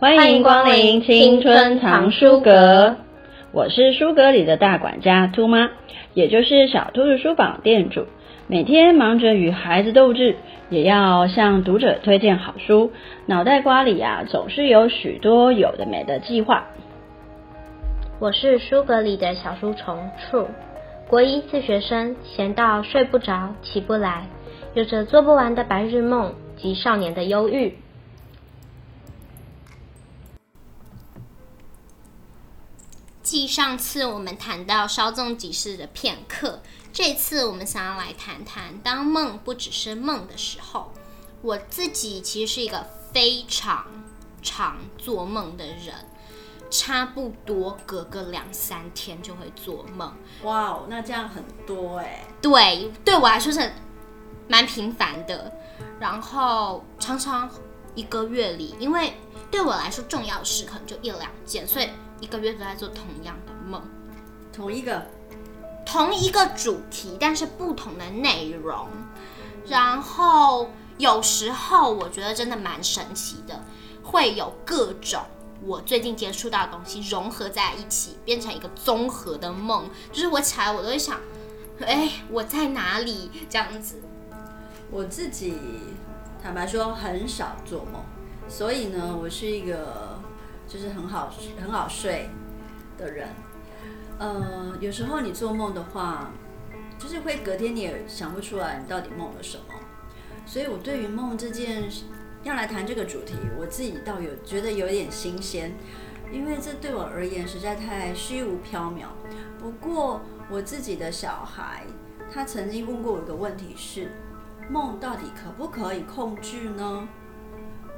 歡迎光臨青春藏書閣，書我是書閣裡的大管家兔媽，也就是小兔子書坊店主，每天忙着與孩子鬥智，也要向讀者推薦好書，腦袋瓜裡呀、啊、總是有許多有的沒的計劃。我是書閣裡的小書蟲處，國一自學生，閒到睡不着起不來，有着做不完的白日夢及少年的憂鬱。繼上次我們談到稍縱即逝的片刻，這次我們想要來談談當夢不只是夢的時候。我自己其實是一個非常常做夢的人，差不多隔個兩三天就會做夢。哇哦，那這樣很多誒。對，對我來說是蠻頻繁的，然後常常一個月裡，因為對我來說重要的事可能就一兩件，所以。一個月都在做同樣的夢，同一個，同一個主題，但是不同的內容。然後有時候我覺得真的蠻神奇的，會有各種我最近接觸到的東西融合在一起，變成一個綜合的夢。就是我起來，我都會想，哎、欸，我在哪裡？這樣子。我自己坦白說很少做夢，所以呢，我是一個。就是很好很好睡的人，呃，有時候你做夢的話，就是會隔天你也想不出來你到底夢了什麼。所以，我對於夢這件事要來談這個主題，我自己倒有覺得有點新鮮，因為這對我而言實在太虛無縹緲。不過，我自己的小孩他曾經問過我一個問題是：夢到底可不可以控制呢？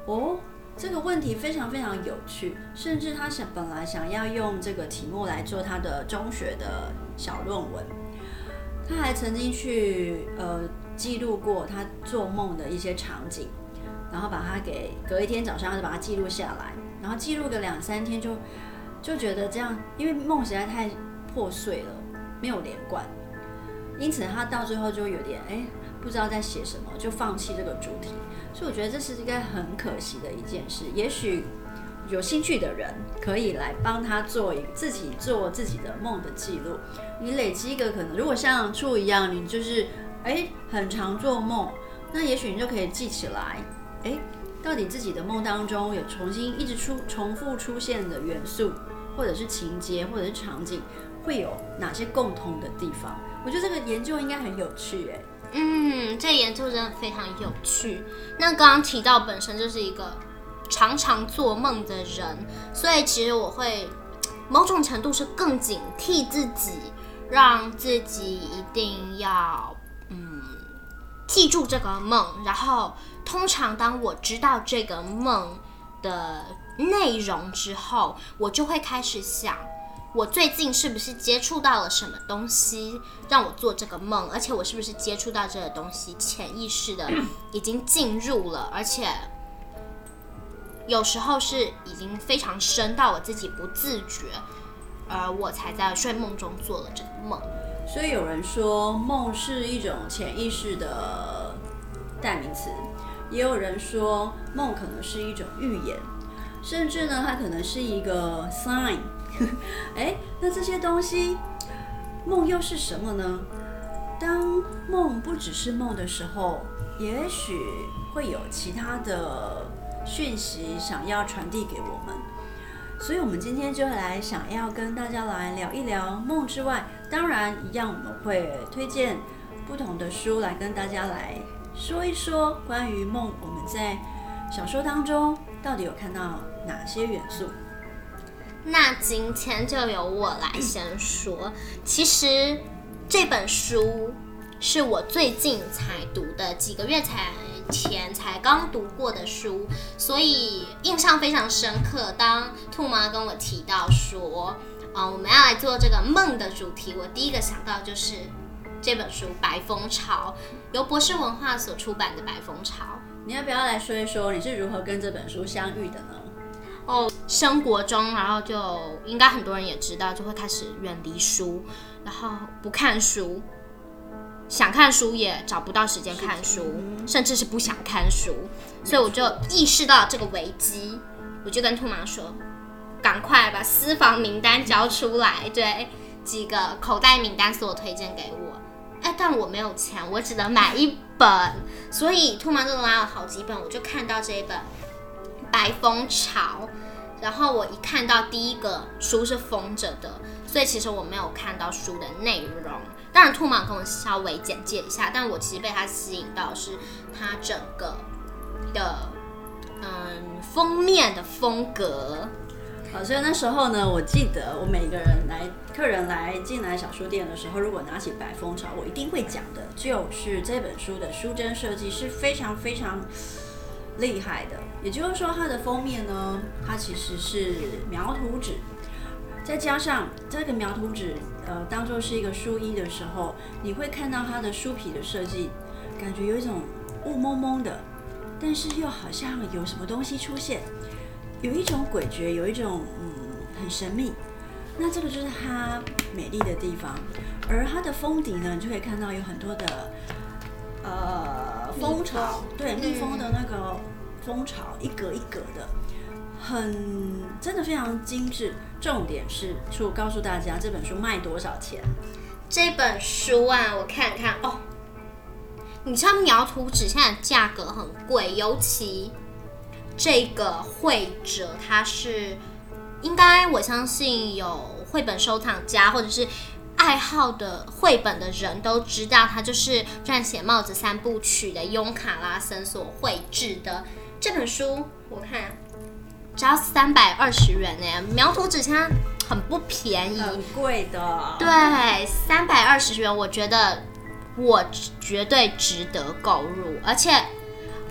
哦。這個問題非常非常有趣，甚至他想本來想要用這個題目來做他的中學的小論文。他還曾經去呃記錄過他做夢的一些場景，然後把它給，隔一天早上就把它記錄下來，然後記錄個兩三天就就覺得這樣，因為夢實在太破碎了，沒有連貫，因此他到最後就有點哎。誒不知道在寫什麼，就放棄這個主題，所以我覺得這是應該很可惜的一件事。也許有興趣的人可以來幫他做一自己做自己的夢的記錄。你累積一個可能，如果像處一樣，你就是誒、欸、很常做夢，那也許你就可以記起來，誒、欸，到底自己的夢當中有重新一直出重複出現的元素，或者是情節，或者是場景，會有哪些共通的地方。我覺得這個研究應該很有趣、欸，誒。嗯，這研究真的非常有趣。那剛剛提到本身就是一個常常做夢的人，所以其實我會某種程度是更警惕自己，讓自己一定要嗯記住這個夢。然後通常當我知道這個夢的內容之後，我就會開始想。我最近是不是接觸到了什麼東西讓我做這個夢？而且我是不是接觸到這個東西，潛意識的已經進入了，而且有時候是已經非常深到我自己不自覺，而我才在睡夢中做了這個夢。所以有人說夢是一種潛意識的代名詞，也有人說夢可能是一種預言，甚至呢，它可能是一個 sign。誒、哎，那這些東西，夢又是什麼呢？當夢不只是夢的時候，也許會有其他的訊息想要傳遞給我們。所以，我們今天就來想要跟大家來聊一聊夢之外，當然一樣，我們會推薦不同的書來跟大家來說一說關於夢。我們在小說當中到底有看到哪些元素？那今天就由我來先說。其實這本書是我最近才讀的，幾個月才前才剛讀過的書，所以印象非常深刻。當兔媽跟我提到說，啊、呃，我們要來做這個夢的主題，我第一個想到就是這本書《白蜂巢》，由博識文化所出版的《白蜂巢》。你要不要來說一說你是如何跟這本書相遇的呢？後生活中，然後就應該很多人也知道，就會開始遠離書，然後不看書，想看書也找不到時間看書，甚至是不想看書。所以我就意識到這個危機，我就跟兔媽說：“趕快把私房名單交出來，對，幾個口袋名單所有推薦給我。欸”哎，但我沒有錢，我只能買一本。所以兔媽就拿了好幾本，我就看到這一本《白蜂巢》。然後我一看到第一個書是封着的，所以其實我沒有看到書的內容。當然，兔毛可以稍微簡介一下，但我其實被它吸引到是它整個的嗯封面的風格。好，所以那時候呢，我記得我每個人來客人來進來小書店的時候，如果拿起《白蜂巢》，我一定會講的就是這本書的書針設計是非常非常。厲害的，也就是說，它的封面呢，它其實是描圖紙，再加上這個描圖紙，呃，當做是一個書衣的時候，你會看到它的書皮的設計，感覺有一種霧濛濛的，但是又好像有什麼東西出現，有一種詭譎，有一種嗯，很神秘。那這個就是它美麗的地方，而它的封底呢，你就可以看到有很多的。呃，蜂巢，蜂巢對，蜜、嗯、蜂的那個蜂巢，一格一格的，很，真的非常精緻。重點是，是我告訴大家，這本書賣多少錢？這本書啊，我看看哦。你知道描圖紙現在價格很貴，尤其這個繪者，他是應該我相信有繪本收藏家或者是。愛好的繪本的人都知道，他就是撰寫《帽子三部曲》的雍卡拉森所繪製的這本書。我看，只要三百二十元呢，欸，描圖紙它很不便宜，很貴的。對，三百二十元，我覺得我絕對值得購入。而且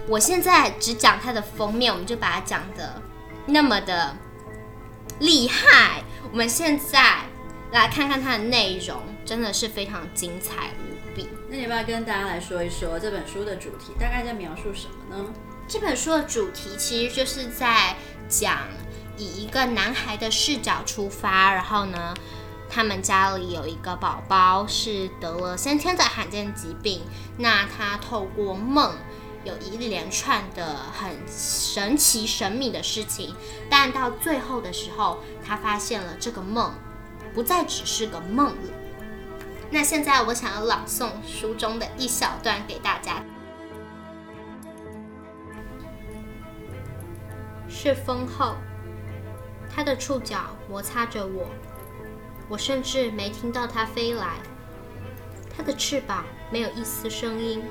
我現在只講它的封面，我們就把它講的那麼的厲害。我們現在。來看看它的內容，真的是非常精彩無比。那你要不要跟大家來說一說這本書的主題，大概在描述什麼呢？這本書的主題其實就是在講以一個男孩的視角出發，然後呢，他們家裡有一個寶寶是得了先天的罕見疾病。那他透過夢有一連串的很神奇、神秘的事情，但到最後的時候，他發現了這個夢，不再只是個夢了。那現在我想要朗誦書中的一小段給大家：是蜂後，它的觸角摩擦着我，我甚至沒聽到它飛來，它的翅膀沒有一絲聲音。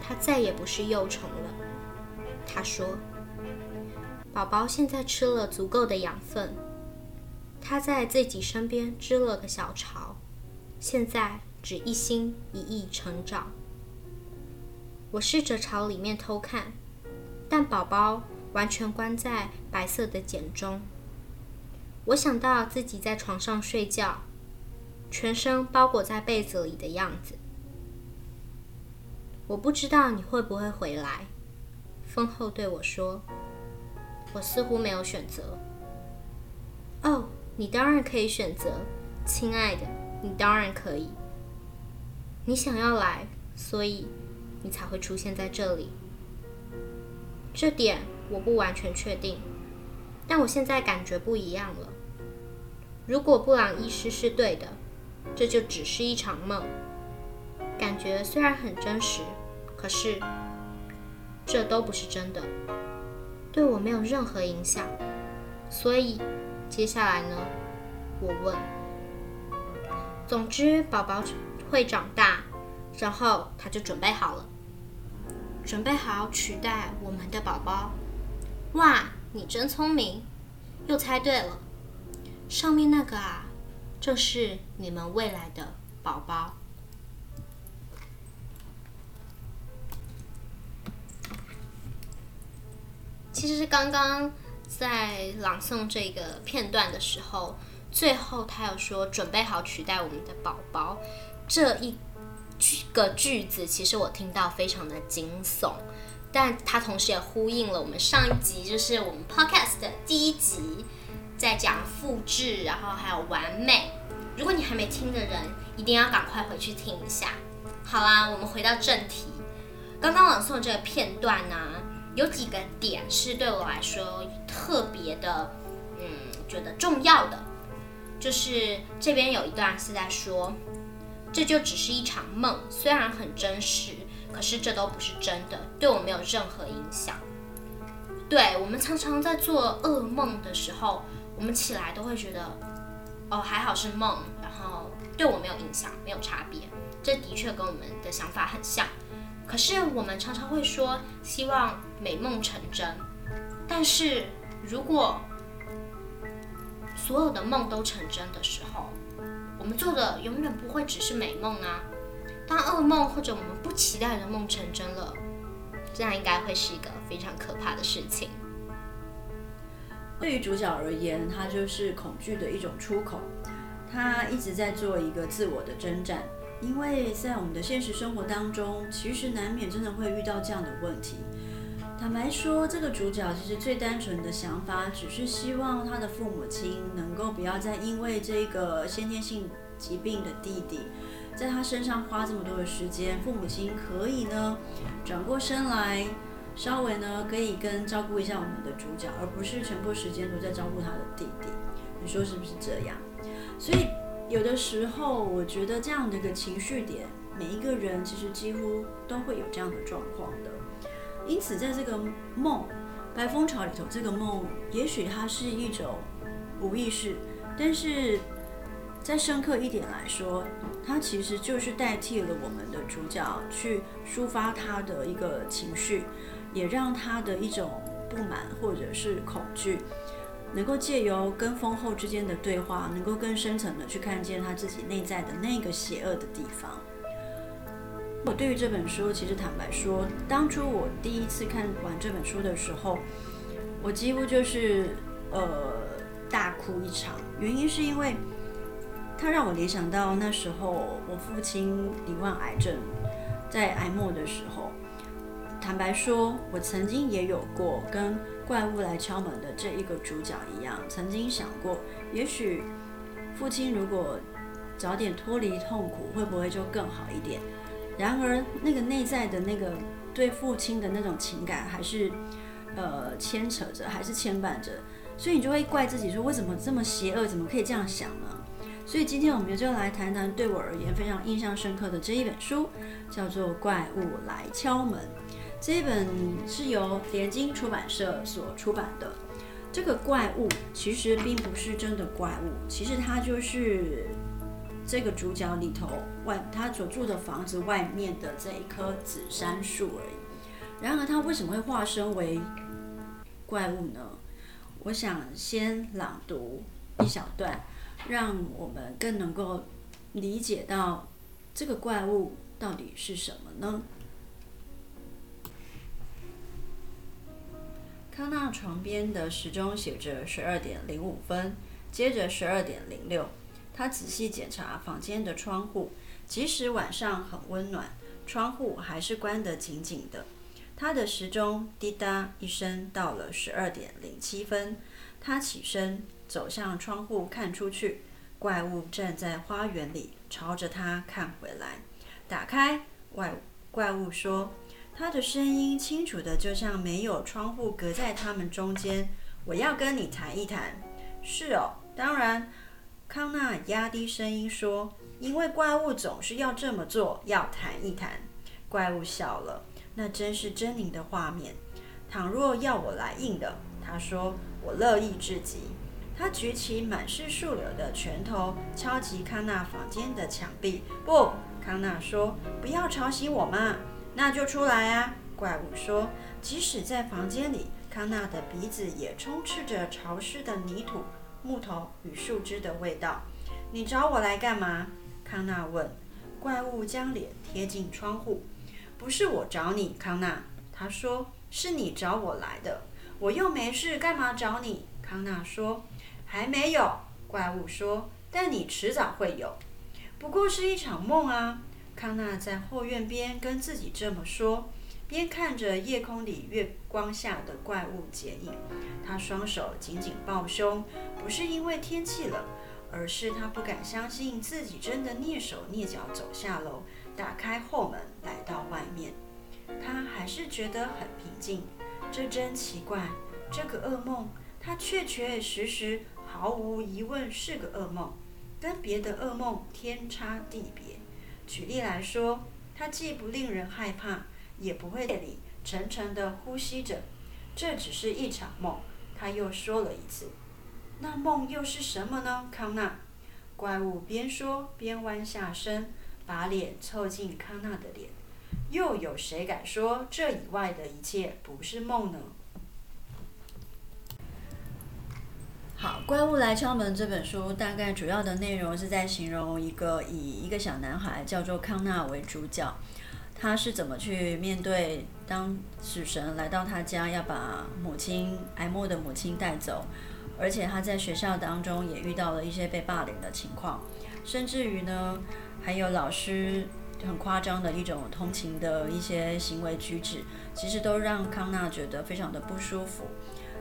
它再也不是幼蟲了。它說：“寶寶現在吃了足夠的養分。”他在自己身邊支了個小巢，現在只一心一意成長。我試着朝裡面偷看，但寶寶完全關在白色的繭中。我想到自己在床上睡覺，全身包裹在被子裡的樣子。我不知道你會不會回來，蜂後對我說。我似乎沒有選擇。你當然可以選擇，親愛的，你當然可以。你想要來，所以你才會出現在這裡。這點我不完全確定，但我現在感覺不一樣了。如果布朗醫師是對的，這就只是一場夢。感覺雖然很真實，可是這都不是真的，對我沒有任何影響，所以。接下來呢？我問。總之，寶寶會長大，然後他就準備好了，準備好取代我們的寶寶。哇，你真聰明，又猜對了。上面那個啊，這就是你們未來的寶寶。其實是剛剛。在朗誦這個片段的時候，最後他有說“準備好取代我們的寶寶”這一句個句子，其實我聽到非常的驚悚，但他同時也呼應了我們上一集，就是我們 podcast 的第一集，在講複製，然後還有完美。如果你還沒聽的人，一定要趕快回去聽一下。好啦，我們回到正題，剛剛朗誦這個片段呢、啊。有幾個點是對我來說特別的，嗯，覺得重要的，就是這邊有一段是在說，這就只是一場夢，雖然很真實，可是這都不是真的，對我沒有任何影響。對，我們常常在做噩夢的時候，我們起來都會覺得，哦，還好是夢，然後對我沒有影響，沒有差別。這的確跟我們的想法很像。可是我們常常會說，希望美夢成真，但是如果所有的夢都成真的時候，我們做的永遠不會只是美夢啊。當噩夢或者我們不期待的夢成真了，這樣應該會是一個非常可怕的事情。對於主角而言，他就是恐懼的一種出口，他一直在做一個自我的征戰。因為在我們的現實生活當中，其實難免真的會遇到這樣的問題。坦白說，這個主角其實最單純的想法，只是希望他的父母親能夠不要再因為這個先天性疾病的弟弟，在他身上花這麼多的時間。父母親可以呢，轉過身來，稍微呢，可以跟照顧一下我們的主角，而不是全部時間都在照顧他的弟弟。你說是不是這樣？所以，有的時候，我覺得這樣的一個情緒點，每一個人其實幾乎都會有這樣的狀況的。因此，在這個夢《白蜂巢》裡頭，這個夢也許它是一種無意識，但是再深刻一點來說，它其實就是代替了我們的主角去抒發他的一個情緒，也讓他的一種不滿或者是恐懼。能夠藉由跟蜂後之間的對話，能夠更深層的去看見他自己內在的那個邪惡的地方。我對於這本書，其實坦白說，當初我第一次看完這本書的時候，我幾乎就是呃大哭一場。原因是因為它讓我聯想到那時候我父親罹患癌症，在癌末的時候。坦白說，我曾經也有過跟《怪物來敲門》的這一個主角一樣，曾經想過，也許父親如果早點脫離痛苦，會不會就更好一點？然而，那個內在的那個對父親的那種情感還是呃牽扯着，還是牽絆着，所以你就會怪自己說，為什麼這麼邪惡，怎麼可以這樣想呢？所以今天我們就來談談對我而言非常印象深刻的這一本書，叫做《怪物來敲門》。這一本是由聯經出版社所出版的。這個怪物其實並不是真的怪物，其實它就是這個主角裡頭外他所住的房子外面的這一棵紫杉樹而已。然而，它為什麼會化身為怪物呢？我想先朗讀一小段，讓我們更能夠理解到這個怪物到底是什麼呢？他那床邊的時鐘寫着十二點零五分，接着十二點零六。他仔細檢查房間的窗戶，即使晚上很溫暖，窗戶還是關得緊緊的。他的時鐘滴答一聲到了十二點零七分。他起身走向窗戶看出去，怪物站在花園裡，朝着他看回來。打開，怪怪物說。他的聲音清楚的，就像沒有窗戶隔在他們中間。我要跟你談一談。是哦，當然。康納壓低聲音說：“因為怪物總是要這麼做，要談一談。”怪物笑了。那真是猙獰的畫面。倘若要我來硬的，他說：“我樂意至極。”他舉起滿是樹柳的拳頭，敲擊康納房間的牆壁。不，康納說：“不要吵醒我嘛。’那就出來啊！怪物說：“即使在房間裡，康納的鼻子也充斥着潮濕的泥土、木頭與樹枝的味道。”你找我來幹嘛？康納問。怪物將臉貼近窗戶。“不是我找你，康納。”他說，“是你找我來的。我又沒事，幹嘛找你？”康納說。“還沒有。”怪物說，“但你遲早會有。不過是一場夢啊。”康納在後院邊跟自己這麼說，邊看着夜空裡月光下的怪物剪影。他雙手緊緊抱胸，不是因為天氣冷，而是他不敢相信自己真的躡手躡腳走下樓，打開後門來到外面。他還是覺得很平靜，這真奇怪，這個噩夢，他確確實實毫無疑問是個噩夢，跟別的噩夢天差地別。舉例來說，它既不令人害怕，也不會夜裡沉沉地呼吸着。這只是一場夢。他又說了一次。那夢又是什麼呢，康納？怪物邊說邊彎下身，把臉湊近康納的臉。又有誰敢說這以外的一切不是夢呢？《怪物來敲門》這本書大概主要的內容是在形容一個以一個小男孩叫做康納為主角，他是怎麼去面對當死神來到他家要把母親癌末的母親帶走，而且他在學校當中也遇到了一些被霸凌的情況，甚至於呢，還有老師很誇張的一種同情的一些行為舉止，其實都讓康納覺得非常的不舒服。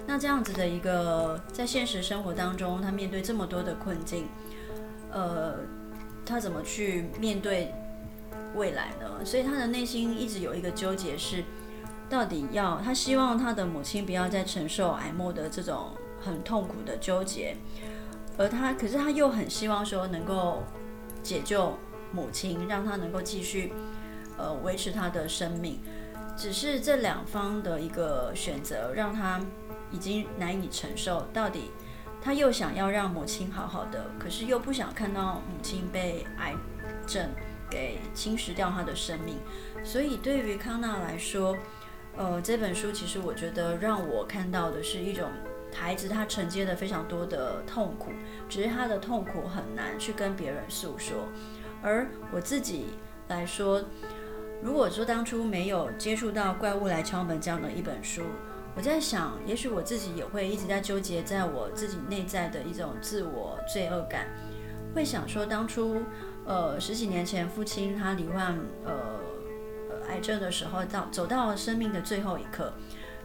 那這樣子的一個在現實生活當中，他面對這麼多的困境，呃，他怎麼去面對未來呢？所以他的內心一直有一個糾結是，是到底要他希望他的母親不要再承受癌末的這種很痛苦的糾結，而他可是他又很希望說能夠解救母親，讓他能夠繼續呃維持他的生命，只是這兩方的一個選擇讓他。已經難以承受，到底他又想要讓母親好好的，可是又不想看到母親被癌症給侵蝕掉他的生命。所以對於康納來說，呃，這本書其實我覺得讓我看到的是一種孩子他承接了非常多的痛苦，只是他的痛苦很難去跟別人訴說。而我自己來說，如果說當初沒有接觸到《怪物來敲門》這樣的一本書，我在想，也許我自己也會一直在糾結，在我自己內在的一種自我罪惡感，會想說，當初，呃，十幾年前，父親他罹患，呃，癌症的時候，到走到生命的最後一刻，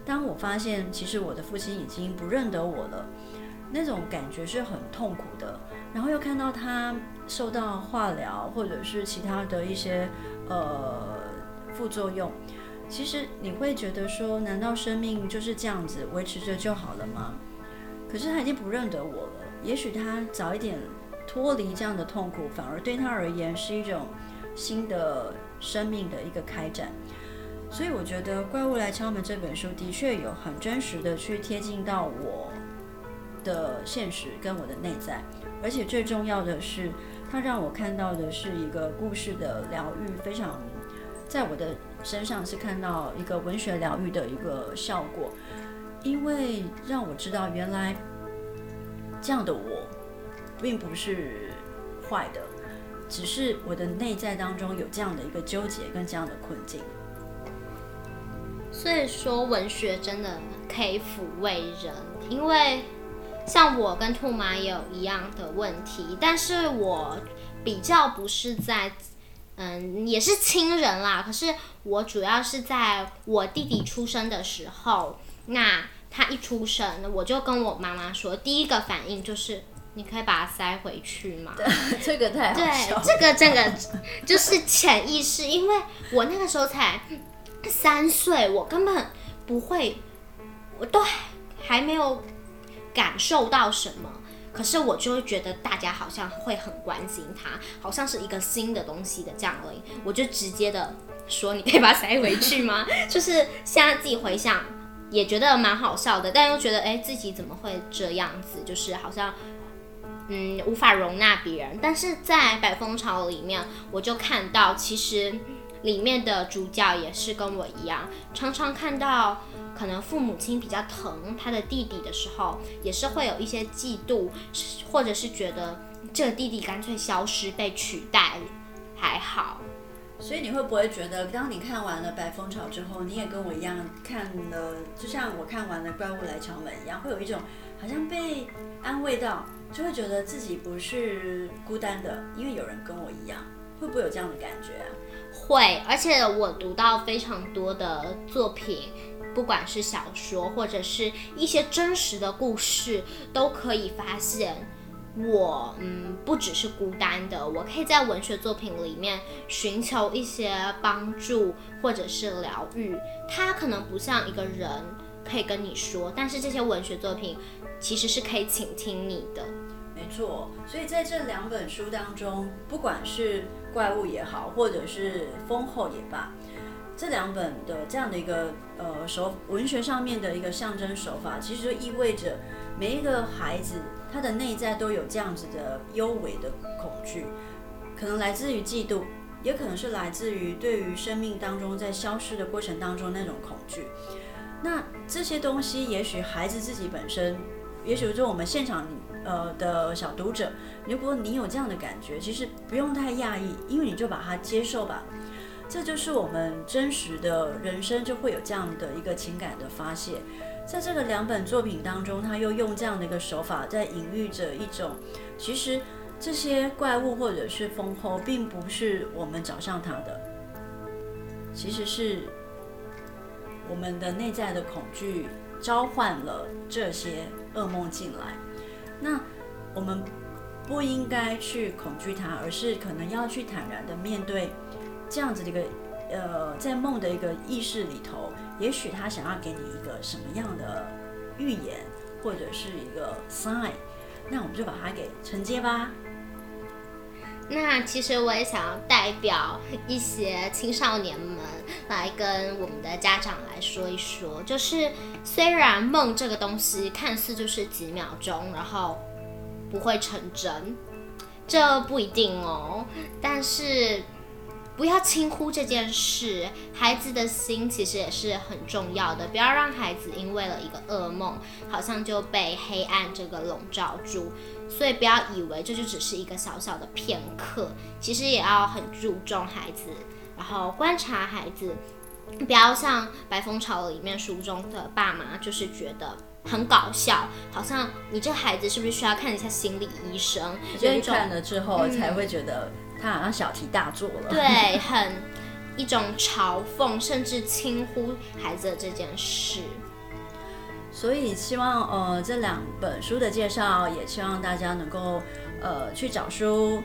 當我發現其實我的父親已經不認得我了，那種感覺是很痛苦的。然後又看到他受到化療或者是其他的一些呃，副作用。其實你會覺得說，難道生命就是這樣子維持着就好了嗎？可是他已經不認得我了。也許他早一點脫離這樣的痛苦，反而對他而言是一種新的生命的一個開展。所以我覺得《怪物來敲門》這本書的確有很真實的去貼近到我的現實跟我的內在，而且最重要的是，它讓我看到的是一個故事的療癒，非常。在我的身上是看到一個文學療癒的一個效果，因為讓我知道原來這樣的我並不是壞的，只是我的內在當中有這樣的一個糾結跟這樣的困境。所以說文學真的可以撫慰人，因為像我跟兔媽有一樣的問題，但是我比較不是在。嗯，也是親人啦。可是我主要是在我弟弟出生的時候，那他一出生，我就跟我媽媽說，第一個反應就是，你可以把他塞回去嗎？這個太好笑了。對，這個這個就是潛意識， 因為我那個時候才三歲，我根本不會，我都還，還沒有感受到什麼。可是我就會覺得大家好像會很關心他，好像是一個新的東西的降臨，我就直接的說你可以把它塞回去嗎？ 就是現在自己回想也覺得蠻好笑的，但又覺得誒、欸，自己怎麼會這樣子？就是好像嗯無法容納別人，但是在白蜂巢裡面我就看到其實。裡面的主角也是跟我一樣，常常看到可能父母親比較疼他的弟弟的時候，也是會有一些嫉妒，或者是覺得這個弟弟乾脆消失被取代，還好。所以你會不會覺得，當你看完了《白蜂巢》之後，你也跟我一樣看了，就像我看完了《怪物來敲門》一樣，會有一種好像被安慰到，就會覺得自己不是孤單的，因為有人跟我一樣，會不會有這樣的感覺啊？會，而且我讀到非常多的作品，不管是小說或者是一些真實的故事，都可以發現我，我嗯不只是孤單的，我可以在文學作品裡面尋求一些幫助或者是療癒。它可能不像一個人可以跟你說，但是這些文學作品其實是可以傾聽你的。沒錯，所以在這兩本書當中，不管是怪物也好，或者是蜂後也罷，這兩本的這樣的一個呃手文學上面的一個象徵手法，其實就意味着每一個孩子他的內在都有這樣子的幽微的恐懼，可能來自於嫉妒，也可能是來自於對於生命當中在消失的過程當中那種恐懼。那這些東西，也許孩子自己本身，也許就我們現場。呃的小讀者，如果你有這樣的感覺，其實不用太訝異，因為你就把它接受吧。這就是我們真實的人生，就會有這樣的一個情感的發洩。在這個兩本作品當中，他又用這樣的一個手法，在隱喻着一種，其實這些怪物或者是蜂後，並不是我們找上他的，其實是我們的內在的恐懼召喚了這些噩夢進來。那我們不應該去恐懼它，而是可能要去坦然的面對這樣子的一個呃，在夢的一個意識裡頭，也許他想要給你一個什麼樣的預言，或者是一個 sign，那我們就把它給承接吧。那其實我也想要代表一些青少年們來跟我們的家長來說一說，就是雖然夢這個東西看似就是幾秒鐘，然後不會成真，這不一定哦，但是。不要輕忽這件事，孩子的心其實也是很重要的。不要讓孩子因為了一個噩夢，好像就被黑暗這個籠罩住。所以不要以為這就只是一個小小的片刻，其實也要很注重孩子，然後觀察孩子。不要像《白蜂巢》裡面書中的爸媽，就是覺得很搞笑，好像你這孩子是不是需要看一下心理醫生？就是看了之後、嗯、才會覺得。他好像小題大做了，對，很一種嘲諷，甚至輕忽孩子的這件事。 所以希望呃這兩本書的介紹，也希望大家能夠呃去找書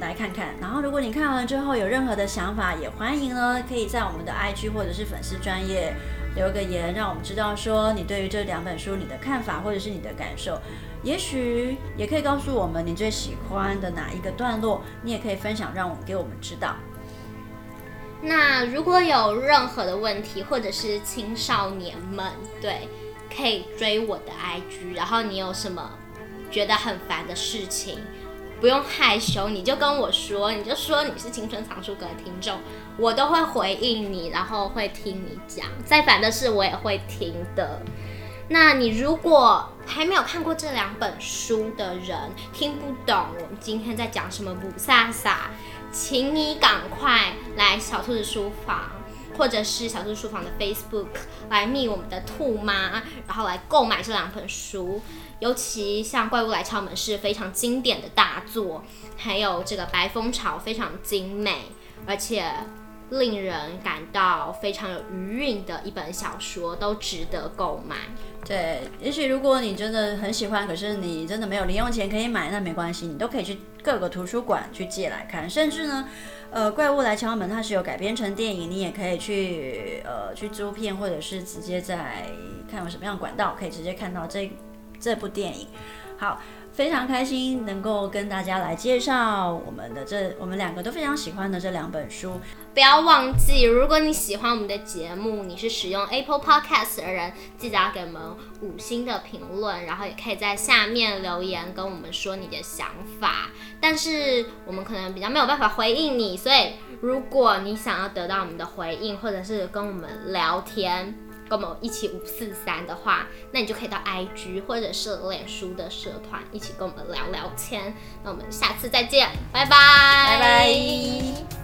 來看看。然後如果你看完之後有任何的想法，也歡迎呢可以在我們的 IG 或者是粉絲專頁，留個言，讓我們知道說你對於這兩本書你的看法，或者是你的感受，也許也可以告訴我們你最喜歡的哪一個段落，你也可以分享，讓我們給我們知道。那如果有任何的問題，或者是青少年們對，可以追我的 IG，然後你有什麼覺得很煩的事情，不用害羞，你就跟我說，你就說你是青春藏書閣聽眾，我都會回應你，然後會聽你講，再煩的事我也會聽的。那你如果還沒有看過這兩本書的人，聽不懂我們今天在講什麼，霧煞煞，請你趕快來小兔子書坊，或者是小兔子書坊的 Facebook 來覓我們的兔媽，然後來購買這兩本書。尤其像《怪物來敲門》是非常經典的大作，還有這個《白蜂巢》非常精美，而且令人感到非常有餘韻的一本小說，都值得購買。對，也許如果你真的很喜歡，可是你真的沒有零用錢可以買，那沒關係，你都可以去各個圖書館去借來看。甚至呢，呃，《怪物來敲門》它是有改編成電影，你也可以去呃去租片，或者是直接在看有什麼樣的管道可以直接看到這。這部電影，好，非常開心能夠跟大家來介紹我們的這我們兩個都非常喜歡的這兩本書。不要忘記，如果你喜歡我們的節目，你是使用 Apple Podcast 的人，記得要給我們五星的評論，然後也可以在下面留言跟我們說你的想法。但是我們可能比較沒有辦法回應你，所以如果你想要得到我們的回應或者是跟我們聊天，跟我們一起五四三的話，那你就可以到 IG 或者是臉書的社團一起跟我們聊聊天。那我們下次再見，拜拜拜拜。Bye bye。